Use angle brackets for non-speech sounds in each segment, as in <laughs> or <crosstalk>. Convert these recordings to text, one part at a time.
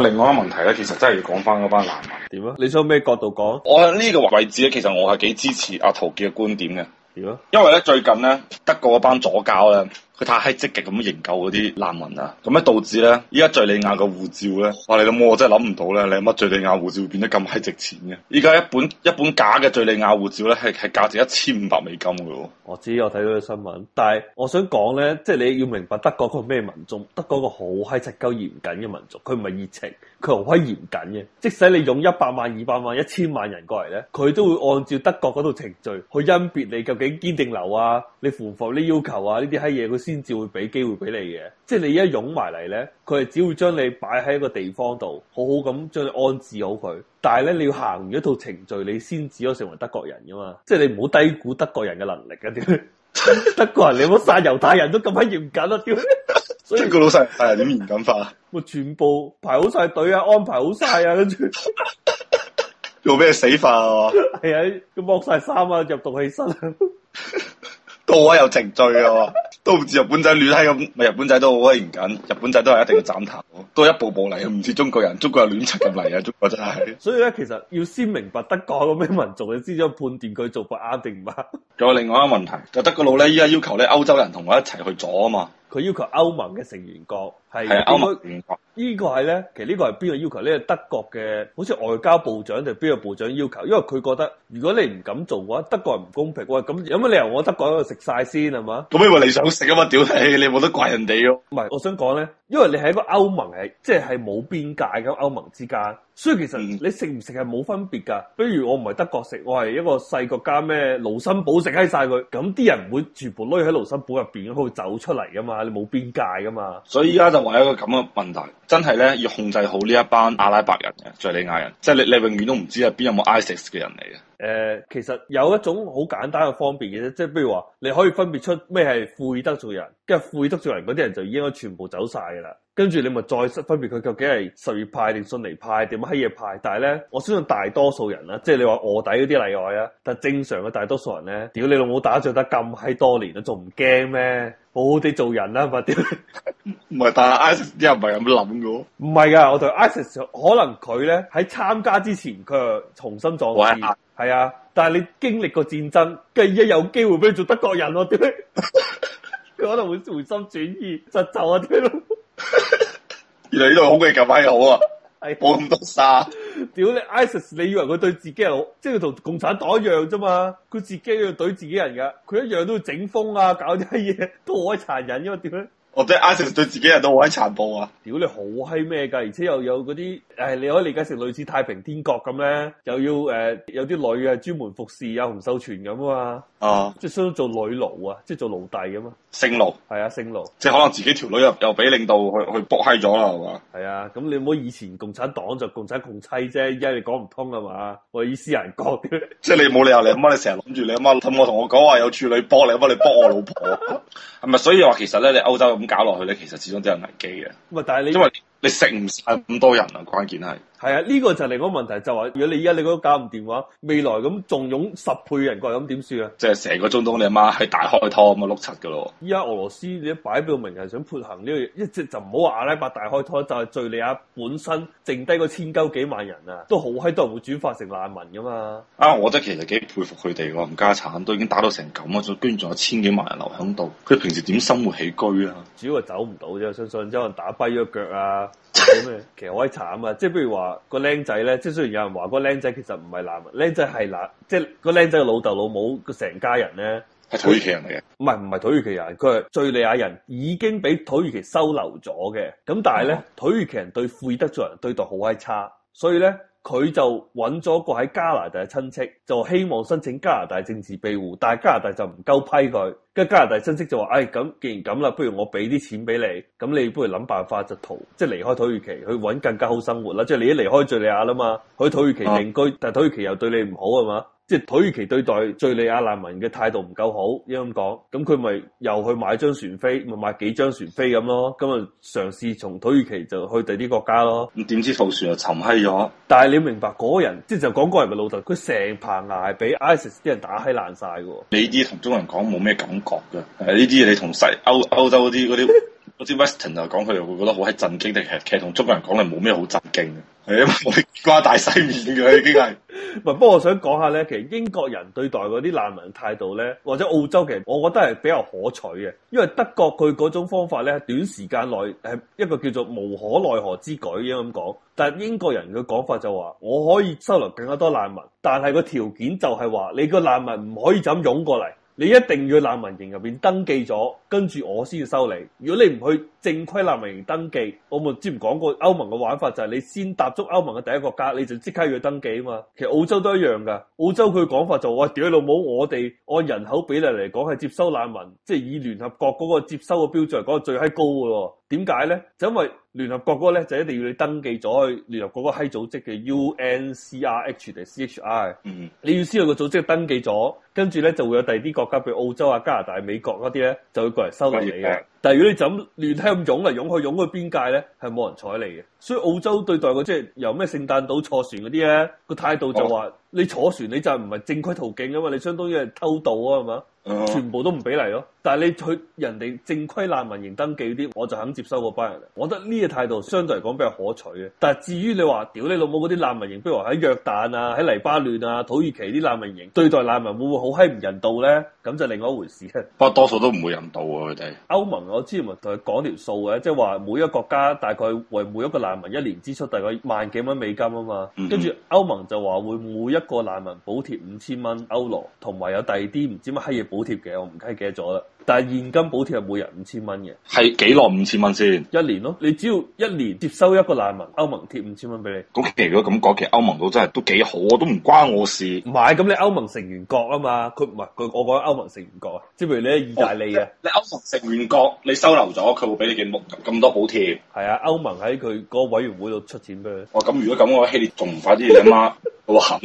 另外一個問題咧，其實真係要講翻嗰班難民點啊？你想咩角度講？我喺呢個位置咧，其實我係幾支持阿陶傑嘅觀點嘅。點啊？因為咧最近咧德國嗰班左膠咧。佢太閪積極咁樣營救嗰啲難民啦，啊，咁樣導致咧，依家敍利亞個護照咧，哇！你老母！我真係諗唔到咧，你有乜敍利亞護照會變得咁閪值錢嘅？依家一本一本假嘅敍利亞護照咧，係係價值一千五百美金嘅喎，哦。我知我睇到嘅新聞，但係我想講咧，即、就、係、是、你要明白德國個咩民眾，德國個好閪柒鳩嚴謹嘅民族，佢唔係熱情，佢好閪嚴謹嘅，即使你用一百萬、二百萬、一千萬人過嚟咧，佢都會按照德國嗰度程序去甄別你究竟堅定留啊，你符唔符合你要求啊，呢啲閪嘢先至會俾機會俾你嘅，即係你一湧埋嚟咧，佢係只會將你擺喺一個地方度，好好咁將你安置好佢。但係咧，你要行完一套程序，你先至可以成為德國人噶嘛。即係你唔好低估德國人嘅能力啊！點？德國人你唔好殺猶太人都咁樣嚴謹啊！點？即係個老細猶太人點嚴謹法？我全部排好晒隊啊，安排好晒啊，跟住做咩死法啊？係啊、哎，佢剝晒衫啊，入毒氣室。 <laughs> 都好有程序啊，都唔似日本仔亂閪咁，日本仔都好威嚴謹，日本仔都係一定要斬頭，都係一步步嚟，唔似中國人，中國人亂插咁嚟啊，中國真係。 <laughs> 所以咧，其實要先明白德國係咩民族，你先至判斷佢做唔啱定唔啱。仲有另外一個問題，就是、德國佬咧，依家要求咧歐洲人同我一齊去咗啊嘛。佢要求歐盟嘅成員國係歐盟。呢個係呢，其實呢個係邊個要求咧？這個、德國嘅好似外交部長定邊個部長要求？因為佢覺得如果你唔敢做嘅話，德國係唔公平。喂，咁有乜理由我德國喺度食曬先係嘛？咁因為你想食啊嘛，屌你，你冇得怪人哋咯。唔係，我想講咧。因為你係一個歐盟，係即係冇邊界嘅歐盟之間，所以其實你食唔食係冇分別噶。譬如我唔係德國食，我係一個細國家咩盧森堡食喺晒佢，咁啲人會住部匿喺盧森堡入邊，佢會走出嚟噶嘛，你冇邊界噶嘛。所以依家就話一個咁嘅問題，真係咧，要控制好呢一班阿拉伯人嘅敘利亞人，即係你你永遠都唔知入邊有冇 ISIS 嘅人嚟嘅。誒、呃，其實有一種好簡單嘅方便嘅啫，即係譬如話，你可以分別出咩係負意德族人，跟住負意德族人嗰啲人就應該全部走曬嘅啦。跟住你咪再分別佢究竟係什葉派定信尼派定乜閪嘢派？但係咧，我相信大多數人啦，即係你話臥底嗰啲例外啊。但係正常嘅大多數人咧，屌你老母打仗得咁閪多年啦，仲唔驚咩？好好地做人啦，係咪？屌！唔係，但係 IS ISIS 又唔係咁諗嘅。唔係噶，我同 ISIS 可能佢咧喺參加之前佢又重新壯志，係啊。但係你經歷過戰爭，跟住一有機會俾你做德國人，我屌佢可能會回心轉意，實就啊屌！原來呢度好嘅，近排又好啊！係播咁多沙，屌你 <laughs> ISIS，你以為佢對自己好？即係同共產黨一樣啫嘛？佢自己要對自己人㗎，佢一樣都要整風啊，搞啲乜嘢都好閪殘忍，因為點咧？我 ISIS 對自己人都好閪殘暴啊！屌你好閪咩㗎？而且又有嗰啲誒，你可以理解成類似太平天國咁咧，又要誒、呃、有啲女嘅專門服侍阿洪秀全咁啊嘛啊！啊即係想做女奴啊，即係做奴隸咁奴啊！姓奴係啊，姓奴即係可能自己條女又又俾領導去去駁閪咗啦，係嘛？係啊，咁你唔好以前共產黨就共產共妻啫，依家你講唔通啊嘛？我意思係人講，即係你冇理由你阿媽你成日諗住你阿媽，氹我同我講話有處女幫你，乜你幫我老婆係咪？所以話其實咧，你歐洲。咁搞落去咧，其實始終都有危機嘅。喂，但係你因為你食唔晒咁多人啊， <laughs> 關鍵係。係啊，呢、這個就另個問題就話，如果你依家你嗰個搞唔掂嘅話，未來咁仲擁十倍人過咁點算啊？即係成個中東你阿媽係大開拖咁啊，碌柒㗎咯！依家俄羅斯你擺啲標名人想潑行呢樣，一直就唔好話阿拉伯大開拖，就係、是、敍利亞本身剩低個千鳩幾萬人啊，都好閪多人會轉化成難民㗎嘛！啊，我覺得其實幾佩服佢哋喎，冚家產都已經打到成咁啊，仲捐咗千幾萬人留喺度，佢平時點生活起居啊？主要係走唔到啫，相信即可能打跛咗腳啊！咩？ <music> 其實好閪慘啊！即係譬如話個僆仔咧，即係雖然有人話個僆仔其實唔係男，啊，僆仔係男，即係個僆仔嘅老豆老母個成家人咧係土耳其人嚟嘅，唔係唔係土耳其人，佢係叙利亞人，已經俾土耳其收留咗嘅。咁但係咧 <music> 土耳其人對庫爾德族人對待好閪差，所以咧。佢就揾咗個喺加拿大嘅親戚，就希望申請加拿大政治庇護，但係加拿大就唔夠批佢。跟加拿大親戚就話：唉、哎，咁既然咁啦，不如我俾啲錢俾你，咁你不如諗辦法就逃，即係離開土耳其去揾更加好生活啦。即係你一離開敘利亞啦嘛，去土耳其定居，但係土耳其又對你唔好啊嘛。即係土耳其對待敍利亞難民嘅態度唔夠好，應該咁講。咁佢咪又去買張船飛，咪買幾張船飛咁咯。咁啊，嘗試從土耳其就去第啲國家咯。咁點知套船啊沉閪咗。但係你明白嗰、那個、人，即係就講嗰人嘅老豆，佢成棚牙係俾 ISIS 啲人打閪爛晒嘅。你啲同中國人講冇咩感覺嘅，呢啲你同西歐歐洲嗰啲嗰啲，好似 Western 就講佢又會覺得好閪震驚，定其實同中國人講係冇咩好震驚。勁係啊！掛大西面嘅已經係，唔係？不過我想講下咧，其實英國人對待嗰啲難民態度咧，或者澳洲其實我覺得係比較可取嘅，因為德國佢嗰種方法咧，短時間內係一個叫做無可奈何之舉咁講。但係英國人嘅講法就話，我可以收留更加多難民，但係個條件就係話，你個難民唔可以就咁湧過嚟，你一定要去難民營入邊登記咗，跟住我先收你。如果你唔去。正規難民營登記，我們之前講過歐盟嘅玩法就係、是、你先踏足歐盟嘅第一個國家，你就即刻要登記啊嘛。其實澳洲都一樣噶,澳洲佢講法就話、是：屌老母，我哋按人口比例嚟講係接收難民，即、就、係、是、以聯合國嗰個接收嘅標準嚟講係最閪高嘅。點解咧？就因為聯合國嗰個咧就一定要你登記咗去，聯合國嗰個閪組織嘅 UNCRH 定 CHI。你要先有個組織登記咗，跟住咧就會有第二啲國家，譬如澳洲啊、加拿大、美國嗰啲咧，就會過嚟收留你嘅。但如果你就咁亂聽咁湧嚟湧去，湧去邊界呢，係冇人睬你嘅。所以澳洲對待個即係由咩聖誕島坐船嗰啲呢個態度就話。哦你坐船你就唔係正規途徑啊嘛，你相當於係偷渡啊，係嘛？全部都唔俾嚟咯。但係你去人哋正規難民營登記啲，我就肯接收嗰班人。我覺得呢個態度相對嚟講比較可取嘅。但係至於你話，屌你老母嗰啲難民營，比如話喺約旦啊、喺黎巴嫩啊、土耳其啲難民營，對待難民會唔會好閪唔人道呢？咁就另外一回事。不過多數都唔會人道啊，佢哋。歐盟我之前咪同佢講條數嘅，即係話每一個國家大概為每一個難民一年支出大概萬幾蚊美金啊嘛。跟住、嗯嗯、歐盟就話會每一。一個難民補貼五千蚊歐羅，同埋有第二啲唔知乜閪嘢補貼嘅，我唔記得咗啦。但係現金補貼係每人五千蚊嘅，係幾耐五千蚊先？一年咯，你只要一年接收一個難民，歐盟貼五千蚊俾你。咁如果咁講，其實歐盟到真係都幾好，都唔關我事。唔係，咁你歐盟成員國啊嘛，佢唔係佢，我講歐盟成員國啊，即係譬如你喺意大利啊、哦，你歐盟成員國，你收留咗佢會俾你嘅木咁多補貼。係啊，歐盟喺佢嗰個委員會度出錢俾佢。哇、哦，咁如果咁，我希臘仲唔快啲 <laughs> 你阿媽？我狠，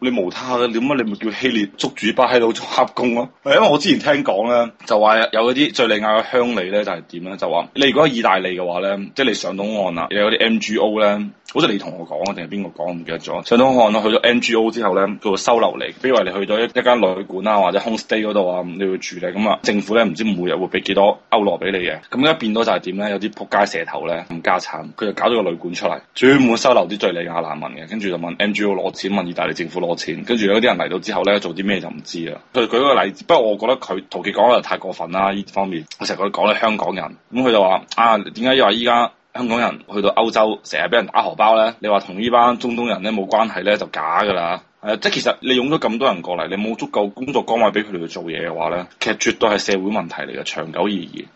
你無他，你點解你咪叫希臘捉住巴喺度做黑工咯。係因為我之前聽講咧。就話有嗰啲敍利亞嘅鄉里咧，就係點咧？就話你如果意大利嘅話咧，即係你上到岸啦，有啲 NGO 咧，好似你同我講啊，定係邊個講唔記得咗？上到岸啦，去咗 NGO 之後咧，佢會收留你。比如話你去咗一一間旅館啊，或者 homestay 嗰度啊，你要住咧，咁、嗯、啊政府咧唔知每日會俾幾多歐羅俾你嘅。咁而家變咗就係點咧？有啲撲街蛇頭咧，冚家鏟，佢就搞咗個旅館出嚟，專門收留啲敍利亞難民嘅。跟住就問 NGO 攞錢，問意大利政府攞錢。跟住有啲人嚟到之後咧，做啲咩就唔知啦。佢舉個例子，不過我覺得佢可能太過分啦！呢方面，我成日講咧，香港人咁佢就話啊，點解又話依家香港人去到歐洲成日俾人打荷包咧？你話同呢班中東人咧冇關係咧就假噶啦！係、啊、即係其實你用咗咁多人過嚟，你冇足夠工作崗位俾佢哋去做嘢嘅話咧，其實絕對係社會問題嚟嘅，長久而言。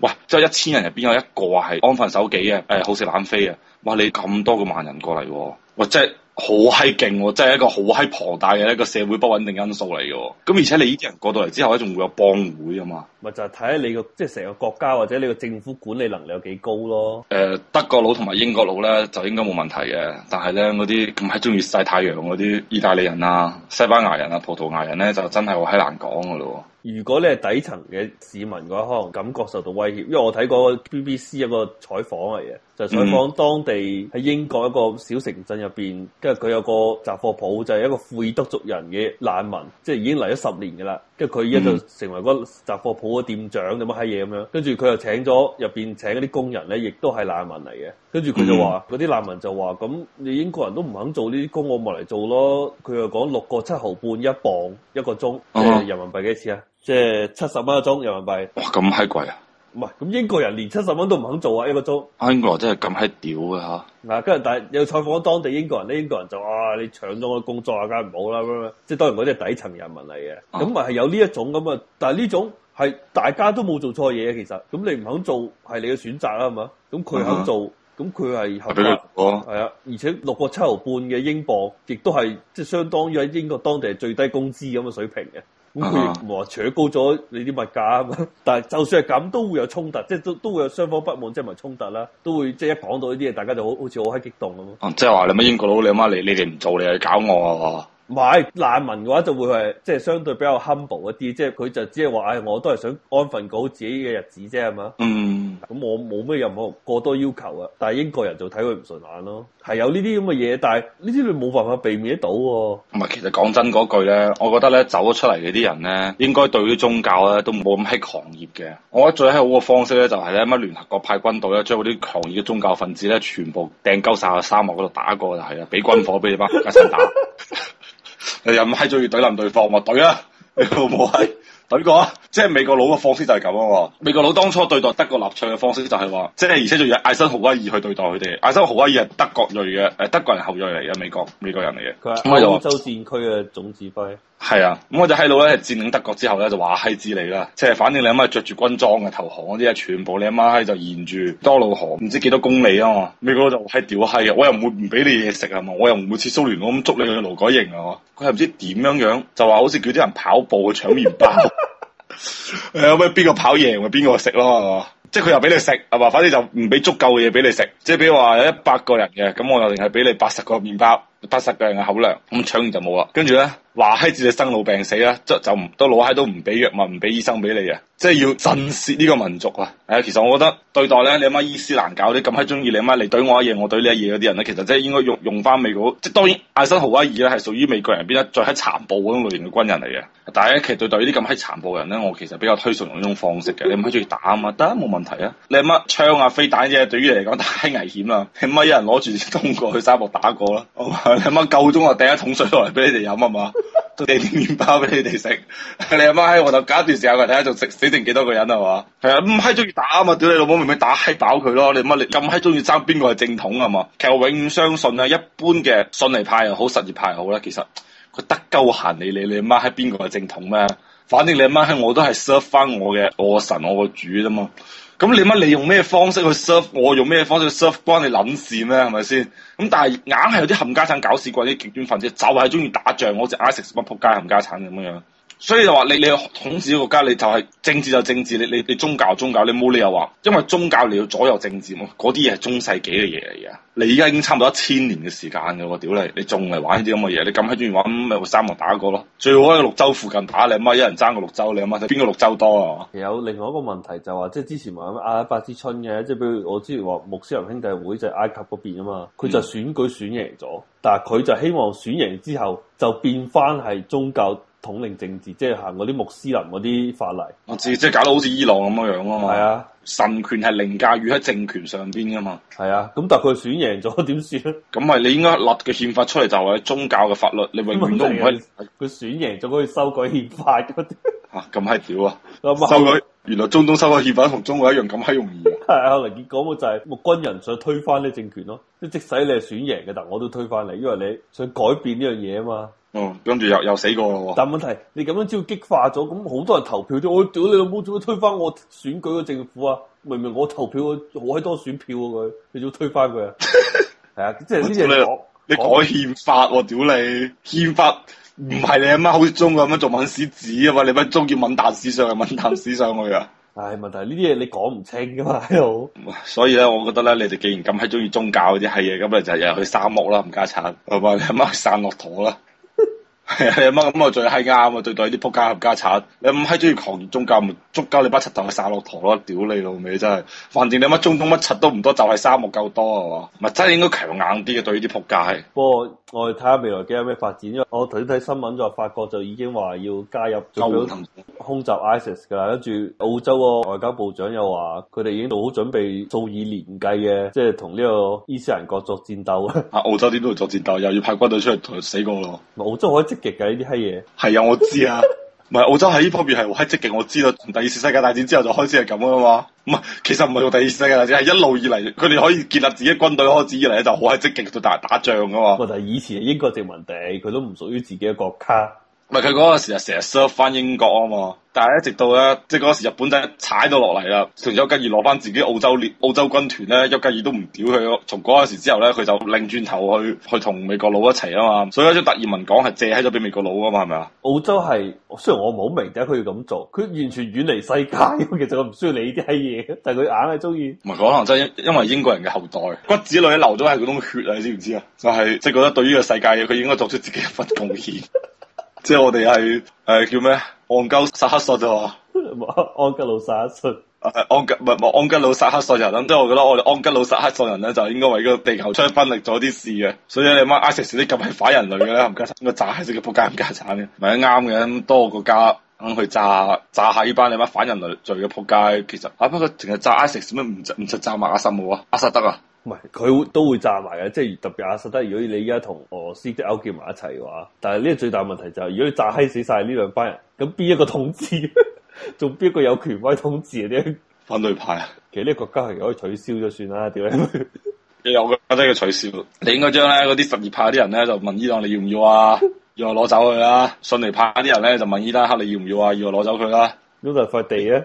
哇，即係一千人入邊有一個係安分守己嘅，誒好食懶飛嘅，哇！你咁多個萬人過嚟，哇！即係。好閪勁喎，真係一個好閪龐大嘅一個社會不穩定因素嚟嘅喎，咁而且你呢啲人過到嚟之後咧，仲會有幫會啊嘛。就睇下你個即係成個國家或者你個政府管理能力有幾高咯。誒，德國佬同埋英國佬咧就應該冇問題嘅，但係咧嗰啲咁係中意曬太陽嗰啲意大利人啊、西班牙人啊、葡萄牙人咧就真係話喺難講噶咯。如果你係底層嘅市民嘅話，可能感覺受到威脅。因為我睇過 BBC 一個採訪嚟嘅，就是、採訪當地喺英國一個小城鎮入邊，跟住佢有個雜貨鋪，就係、是、一個庫爾德族人嘅難民，即係已經嚟咗十年噶啦。跟住佢而家就成為個雜貨鋪嘅店長定乜閪嘢咁樣，跟住佢又請咗入邊請嗰啲工人咧，亦都係難民嚟嘅。跟住佢就話嗰啲難民就話，咁你英國人都唔肯做呢啲工，我咪嚟做咯。佢又講六個七毫半一磅一個鐘、uh huh.，即係人民幣幾錢啊？即係七十蚊一個鐘人民幣。哇！咁閪貴啊！唔係，咁英國人連七十蚊都唔肯做啊，一個鐘。英國真係咁閪屌嘅嚇。嗱、啊，跟住但係有採訪當地英國人咧，英國人就啊，你搶咗我工作啊，梗係唔好啦咁樣，即係當然嗰啲係底層人民嚟嘅，咁咪係有呢一種咁啊。但係呢種係大家都冇做錯嘢嘅，其實咁你唔肯做係你嘅選擇啦，係嘛？咁佢肯做，咁佢係合理啊，而且六個七毫半嘅英鎊，亦都係即係相當於喺英國當地係最低工資咁嘅水平嘅。咁佢話扯高咗你啲物價咁，但係就算係咁，都會有衝突，即係都都會有雙方不滿，即係咪衝突啦？都會即係一講到呢啲嘢，大家就好好似好閪激動咁。哦、啊，即係話你乜英國佬，你阿媽你你哋唔做，你係搞我啊？唔係難民嘅話就會係即係相對比較 humble 一啲，即係佢就只係話，唉、哎，我都係想安分過好自己嘅日子啫，係嘛？嗯。咁我冇咩任何過多要求啊，但係英國人就睇佢唔順眼咯係有呢啲咁嘅嘢。但係呢啲你冇辦法避免得到。唔係，其實講真嗰句咧，我覺得咧走咗出嚟嘅啲人咧，應該對於宗教咧都冇咁喺狂熱嘅。我覺得最好嘅方式咧就係咧乜聯合國派軍隊咧將嗰啲狂熱嘅宗教分子咧全部掟鳩曬去沙漠嗰度打過就係啦，俾軍火俾你班一齊打， <laughs> <laughs> 你又唔係仲要懟林對方咪懟啦，你冇係。哎 <laughs> 睇邊個啊！即係美國佬嘅方式就係咁啊！美國佬當初對待德國納粹嘅方式就係、是、話，即係而且仲要艾森豪威爾去對待佢哋。艾森豪威爾係德國裔嘅，誒德國人後裔嚟嘅，美國美國人嚟嘅，係歐洲戰區嘅總指揮。 <laughs> 係啊，咁、嗯、我就喺度咧佔領德國之後咧就話閪之你啦，即係反正你阿媽着住軍裝嘅投降嗰啲嘢，全部你阿媽閪就沿住多瑙河唔知幾多公里啊嘛，美國就閪屌閪啊，我又唔會唔俾你嘢食係嘛，我又唔會似蘇聯咁捉你去勞改營係嘛，佢係唔知點樣樣就話好似叫啲人跑步去搶麵包，誒咩邊個跑贏咪邊個食咯係嘛，即係佢又俾你食係嘛，反正就唔俾足夠嘅嘢俾你食，即係比如話有一百個人嘅，咁我又淨係俾你八十個麵包。不實病嘅口糧，咁搶完就冇啦。跟住咧，話閪自己生老病死啦，即就唔都老喺都唔俾藥物，唔俾醫生俾你啊！即係要震懾呢個民族啊！誒、哎，其實我覺得對待咧你阿媽伊斯蘭教啲咁閪中意你阿媽你懟我一嘢，我懟你一嘢嗰啲人咧，其實即係應該用用翻美國，即係當然艾森豪威爾咧係屬於美國人邊一最喺殘暴嗰種類型嘅軍人嚟嘅。但係咧，其實對待呢啲咁閪殘暴嘅人咧，我其實比較推崇用呢種方式嘅。你唔係中意打啊嘛，得冇問題啊！你阿媽槍啊飛彈嘅、啊，對於你嚟講太危險啦、啊。你阿媽有人攞住啲工具去沙漠打過啦。Oh, 你阿媽夠鐘就掟一桶水落嚟俾你哋飲，係嘛，都掟啲麵包俾你哋食。你阿媽喺我度搞一段時間，佢睇下仲死定幾多個人係嘛，係啊，唔閪中意打啊嘛，屌你老母明明打閪爆佢咯，你阿媽你咁閪中意爭邊個係正統係嘛？其實我永遠相信啊，一般嘅遜尼派又好，什葉派又好啦。其實佢得鳩閒理你，你阿媽喺邊個係正統咩？反正你阿媽喺我都係 serve 翻我嘅，我個神我個主啫嘛。咁你乜？你用咩方式去 serve？我用咩方式去 serve？關你諗事咩？係咪先？咁但係硬係有啲冚家鏟搞事鬼啲極端分子，就係中意打仗，好似 ISIS 乜仆街冚家鏟咁樣樣。所以就話，你你統治個國家，你就係政治就政治，你你你宗教宗教，你冇理由話因為宗教你要左右政治嘛，嗰啲嘢係中世紀嘅嘢嚟嘅。你而家已經差唔多一千年嘅時間噶，我屌你，你仲嚟玩呢啲咁嘅嘢，你咁喺中意玩咁咪、嗯、沙漠打過咯，最好喺綠洲附近打，你阿媽一人爭個綠洲，你阿媽睇邊個綠洲多啊。有另外一個問題就話、是就是、即係之前話阿拉伯之春嘅，即係譬如我之前話穆斯林兄弟會就係埃及嗰邊啊嘛，佢就選舉選贏咗、嗯、但係佢就希望選贏之後就變翻係宗教。統領政治，即係行嗰啲穆斯林嗰啲法例，我知即係搞到好似伊朗咁樣樣啊嘛。係啊，神權係凌駕於喺政權上邊噶嘛。係啊，咁但係佢選贏咗點算咧？咁係你應該立嘅憲法出嚟，就係宗教嘅法律，你永遠都唔可以。佢選贏咗可以修改憲法嘅。吓，咁閪屌啊！修改原來中東修改憲法同中國一樣咁閪容易嘅。係啊，嚟結果就係穆軍人想推翻呢政權咯，即係 <laughs> 即使你係選贏嘅，但我都推翻你，因為你想改變呢樣嘢啊嘛。打跟住又又死過咯喎！但係問題，你咁樣只要激化咗，咁好多人投票啫。我、哎、屌你老母，做乜推翻我選舉嘅政府啊？明明我投票嘅好多選票啊，佢你仲推翻佢啊？係 <laughs> 啊，即係呢啲嘢，你改憲法喎、啊？屌、哦、你，憲法唔係你阿媽好似中國咁樣做文史子啊嘛？嗯、你乜中意文壇史上嘅，文壇史上去啊？唉、哎，問題呢啲嘢你講唔清噶嘛？喺度！所以咧，我覺得咧，你哋既然咁喺中意宗教嗰啲係嘢，咁啊就又去沙漠啦，冚家鏟係嘛？你阿媽去散駱駝啦。係 <laughs> 你乜咁啊最閪啱啊！對待啲仆街冚家鏟，你唔閪中意狂中間，咪捉鳩你把柒頭去殺落陀咯！屌你老味真係，反正你乜中東乜柒都唔多，就係、是、沙漠夠多啊嘛！咪真係應該強硬啲嘅對呢啲仆街。不過我哋睇下未來幾有咩發展，因為我頭先睇新聞就法國就已經話要加入做空襲 ISIS 㗎 IS，跟住澳洲嘅外交部長又話佢哋已經做好準備數以年計嘅，即係同呢個伊斯蘭國作戰鬥啊！啊澳洲點都會作戰鬥，又要派軍隊出嚟同佢死過咯！澳洲可以積極嘅呢啲閪嘢，係啊， <laughs> <laughs> 我知啊，唔係澳洲喺呢方面係好閪積極，我知道。從第二次世界大戰之後就開始係咁噶嘛，唔係，其實唔係從第二次世界大戰，係一路以嚟，佢哋可以建立自己嘅軍隊開始以嚟咧，就好閪積極到大打仗噶嘛。但以前係英國殖民地，佢 <noise> 都唔屬於自己嘅國家。唔係佢嗰個時啊，成日 serve 翻英國啊嘛，但係一直到咧，即係嗰時日本仔踩到落嚟啦，成丘吉爾攞翻自己澳洲列澳洲軍團咧，丘吉爾都唔屌佢，從嗰個時之後咧，佢就擰轉頭去去同美國佬一齊啊嘛，所以嗰張達爾文講係借喺咗俾美國佬啊嘛，係咪啊？澳洲係，雖然我冇明點解佢要咁做，佢完全遠離世界，其實我唔需要理啲閪嘢，但係佢硬係中意。唔係可能真因為因為英國人嘅後代骨子裏流咗係嗰種血啊，你知唔知啊？就係即係覺得對於個世界，佢應該作出自己一份貢獻。 <laughs> 即係我哋係誒叫咩？戇鳩撒克遜啊！盎盎格魯撒克遜，誒盎格唔唔盎格魯撒克遜人咁，即係我覺得我哋盎格魯撒克遜人咧，就應該為個地球出一分力做啲事嘅。所以你媽 ISIS 啲咁係反人類嘅，冚家鏟個炸係最仆街冚家鏟嘅，咪啱嘅，多個國家去炸炸下呢班你媽反人類罪嘅仆街。其實啊，不過淨係炸 ISIS，做咩唔唔出炸馬阿薩冇啊？阿薩德啊！唔係佢會都會炸埋嘅，即係特別阿薩德。實如果你而家同俄羅斯啲勾結埋一齊嘅話，但係呢個最大問題就係、是，如果你炸閪死晒呢兩班人，咁邊一個統治？仲 <laughs> 邊一個有權威統治？啲反對派啊？其實呢個國家係可以取消咗算啦，點樣？有嘅，我真要取消。你應該將咧嗰啲什葉派啲人咧就問伊朗你要唔要啊？要我攞走佢啦。遜尼 <laughs> 派啲人咧就問伊拉克你要唔要啊？要我攞走佢啦。塊呢度係塊地啊，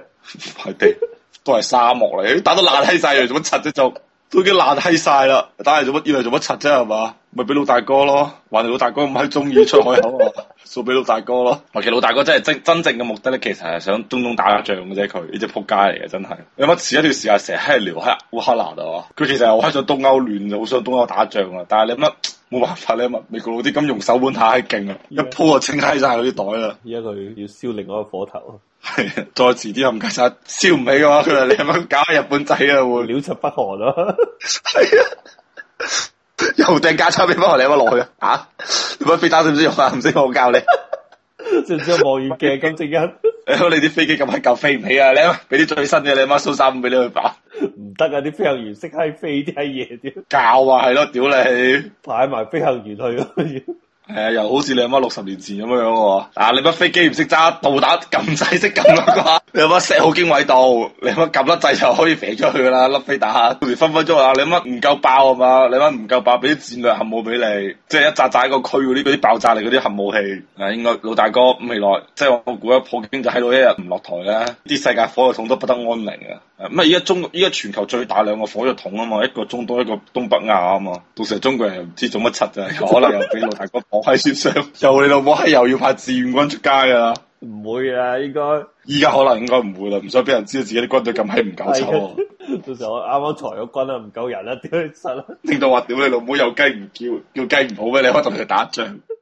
塊地都係沙漠嚟，打到爛閪晒，做乜柒啫？做。 <laughs> 都已經爛閪晒啦，打嚟做乜嘢嚟做乜柒啫係嘛，咪俾老大哥咯，還係老大哥唔係中意出海口啊， <laughs> 送俾老大哥咯。其實老大哥真係真真正嘅目的咧，其實係想東東打下仗嘅啫，佢呢隻扑街嚟嘅真係。你乜遲一段時間成日喺度撩黑烏克蘭啊？佢其實係玩咗東歐亂，好想東歐打仗啊。但係你乜冇辦法你咧？乜美國佬啲金融手腕太勁啊，在一鋪就清閪晒佢啲袋啦。依家佢要燒另外一個火頭。係 <laughs> 再遲啲又唔計晒，燒唔起嘅話佢話你阿媽搞下日本仔啦，料食不寒咯。係啊， <laughs> 又訂加餐俾翻我，你阿媽落去啊？吓，乜飛機都唔知用啊？唔識我教你，唔 <laughs> 知望遠鏡咁正一？你好，你啲飛機咁快夠飛唔起啊？你阿，俾啲最新嘅，你阿媽收三五俾你去打。唔得啊，啲飛行員識閪飛啲閪嘢啲教啊，係咯，屌你，派埋飛行員去。 <laughs> 誒， <noise> 又好似你阿媽六十年前咁樣樣喎，按按按按啊，你乜飛機唔識揸，導彈撳掣識撳啦啩？你阿媽射好經緯度？你阿媽撳得掣就可以射出去噶啦，粒飛彈，到時分分鐘啊，你阿媽唔夠爆啊嘛？你乜唔夠爆？俾啲戰略核武俾你，即係一扎扎一個區嗰啲啲爆炸嚟嗰啲核武器，啊，應該老大哥未來即係我估一普京就喺度一日唔落台啦，啲世界火藥桶都不得安寧啊！乜依家中依家全球最大兩個火藥桶啊嘛，一個中東，一個東北亞啊嘛，到時候中國人又唔知做乜柒就係， <laughs> 可能又俾老大哥擋閪先聲， <laughs> 又你老母閪又要派志願軍出街噶啦，唔會啊，應該依家可能應該唔會啦，唔想俾人知道自己啲軍隊咁閪唔夠抽 <laughs> 到時候啱啱裁咗軍啊，唔夠人啊，丟去柒啦，令到話屌你老母又雞唔叫，叫雞唔好咩你，可以同佢打仗。